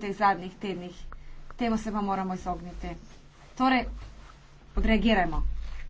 teh zadnjih tednih. Temu se pa moramo izogniti. Torej, odreagirajmo.